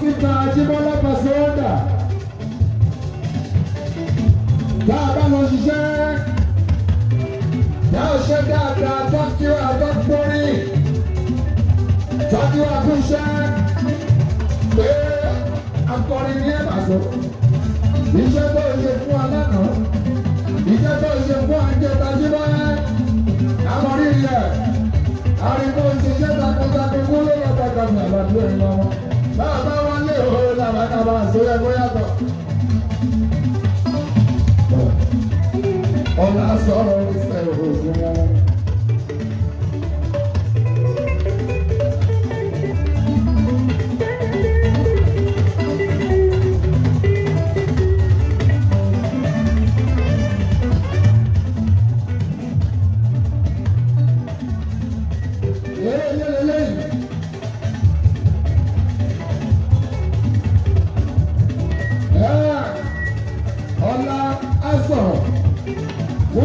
síta Ajíbọ́lá Pasewada tá a bá lọ ṣiṣẹ́ tá a ṣe dáadáa tọ́kí àtọ́kùnrin tọ́kí àkúṣẹ́ pé akọrin ní ẹ̀bàṣọ iṣẹ́ tó ṣe fún alánà iṣẹ́ tó ṣe fún àjẹta jíbọ́ àmọ́rí rẹ̀ àríkó ṣiṣẹ́ takuntakun kúló lọ́tàkàmì àbàdúrà ìlọ́wọ́ bàbá wọn lè hó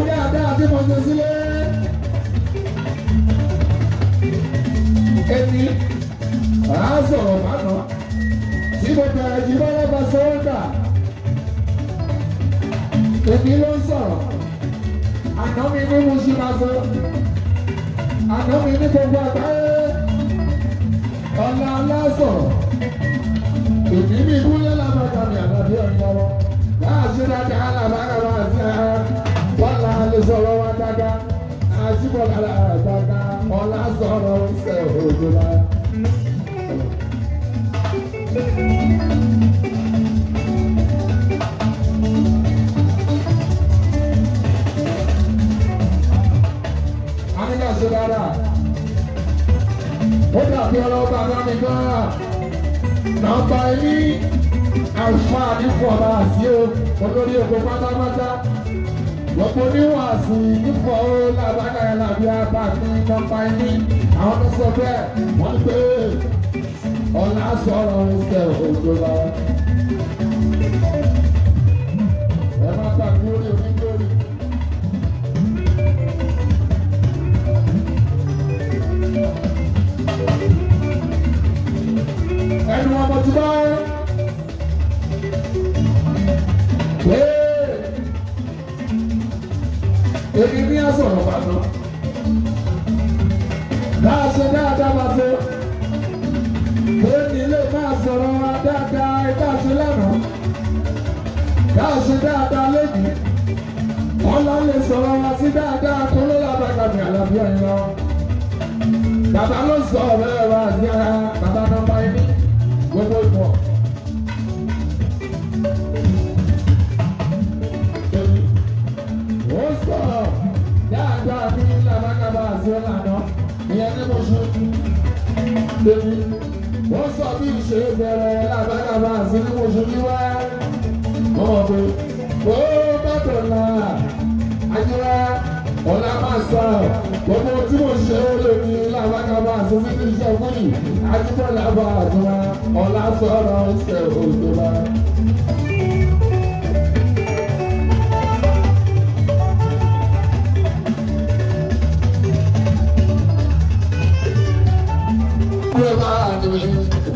fún dáadáa tí mo ṣe sílé. Èmi á sọ̀rọ̀ fánà tí mo bẹ̀rẹ̀ jù bọ́lá bá sọ́ńdà. mi ní mo ṣe máa mi ní gbogbo àgbáyé. mi kúlẹ̀ làbàkàmì àbàbí ọ̀nà wọn. Láàṣẹ dáadáa làbàkàmì àti ara sọ̀rọ̀ wa dada, àjíbọ̀lára àgbàgbà ọ̀la sọ̀rọ̀ ṣe òjòlá. Amígbà ṣe dáadáa, ó dàbí ọlọ́ba bá gan nàbà ẹni àǹfààní fún ọba àti olórí ògbó pátápátá gbogbo oníwàásù ìdúfọ̀ ó lábákàrẹ́ làbí apá ní nọ́mbà ní àwọn tó sọ bẹ́ẹ̀ wọ́n pé ọ̀la sọ̀rọ̀ ìṣẹ̀ òjò lọ. ẹ má gbàgbé orí onígbòrí. ẹnu ọmọ tí wọ́n. èmi ní àsọ̀rọ̀ fàánù. bá a ṣe dáadáa máa ṣe lónìí lè máa sọ̀rọ̀ dáadáa ẹ̀ka ṣe lánàá bá a ṣe dáadáa lónìí ọlọ́ lè sọ̀rọ̀ wá sí dáadáa tó ló yà bàtà mi àlàbí ẹ̀yìn lọ. bàbá ló sọ ọ̀rẹ́ ẹ̀rọ àti ara bàbá nọ́mbà ẹni gbogbo ìmọ̀. ní mo ṣe kú lèmi wọ́n sọ bí ìṣe bẹ̀rẹ̀ lábàlábà sí ní mo ṣe níwá ọmọ mi ó bàtọ̀ là àjẹwà ọ̀la máa sọ gbogbo tí mo ṣe ó lèmi lábàlábà sí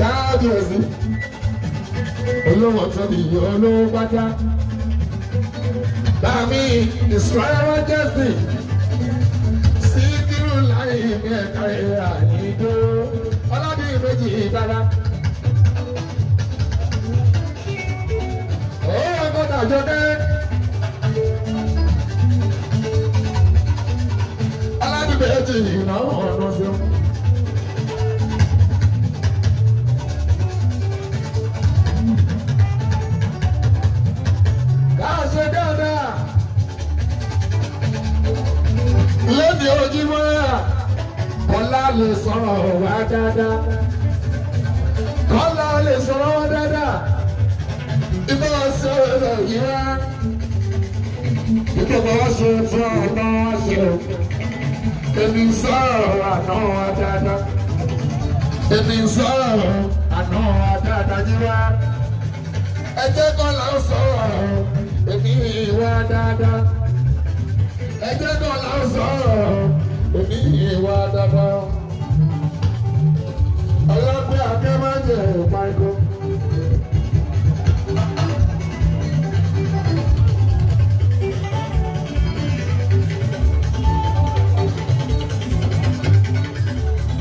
kábíyèsí olówó tó ní olówó pátá bàmí ìsúláyàwó jẹ́sì síkírù láyé mi ẹ̀ka ẹ̀yà ìdó ọlọ́dún méjì ìbára. ó wà gbọ́dọ̀ àjọ náà. dáadáa kọ́lá lè sọ̀rọ̀ wọn dáadáa ìbá sọ̀rọ̀ ìyá ìjọba wa ṣe fún ọ̀nà wa ṣe o èmi sọ̀rọ̀ àná wa dáadáa èmi sọ̀rọ̀ àná wa dáadáa yí wá ẹjẹ́ kọ́lá sọ̀rọ̀ èmi ìwà dáadáa ẹjẹ́ kọ́lá sọ̀rọ̀ èmi ìwà dáadáa. Michael, Michael.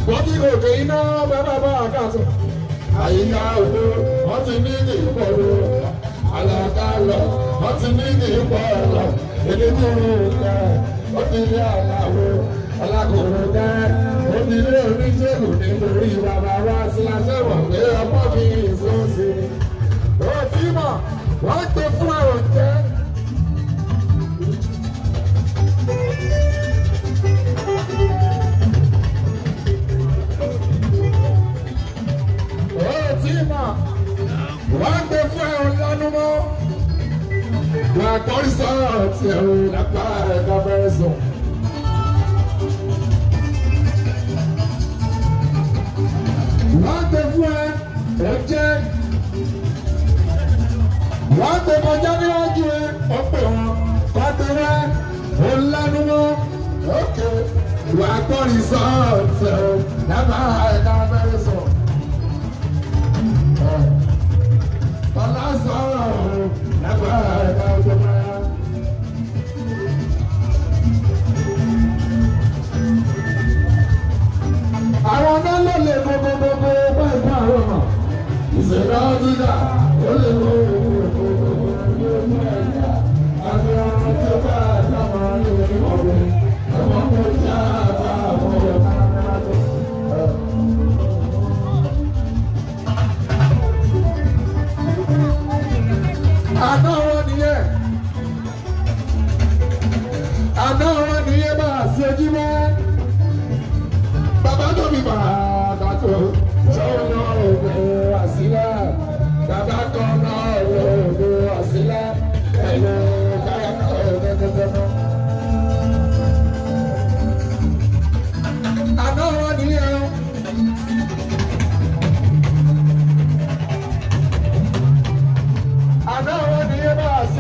wọ́n ti gòkè iná bàbá bá àkàtọ̀. àyíká òdo wọ́n ti ní ní ìpọ̀ ro àlàkà lọ wọ́n ti ní ní ìpọ̀ ọ̀lọ́ alákòóró dẹ́ onílé oníṣègùn nítorí bàbá wa sí aṣẹ́wọ̀n pé ọmọ mi èso ṣe. ó ti mọ̀ wọ́n gbé fún àwọn jẹ́. ó wọ́n gbé fún àwọn lánúmọ́. lápá rẹ̀. ó jẹ́ wọ́n á gbé kọjá níwájú ẹ ó pè wọ́n pàtẹ́rẹ́ ó lánú wọn òkè wàá gbọ́ rìsọ́ọ̀tì. ìdáwọ́ dídà ó lè mú.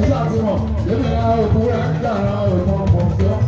ẹ̀ṣọ́ àti mọ̀ lẹ́mìnira òkú rẹ̀ ń jà ara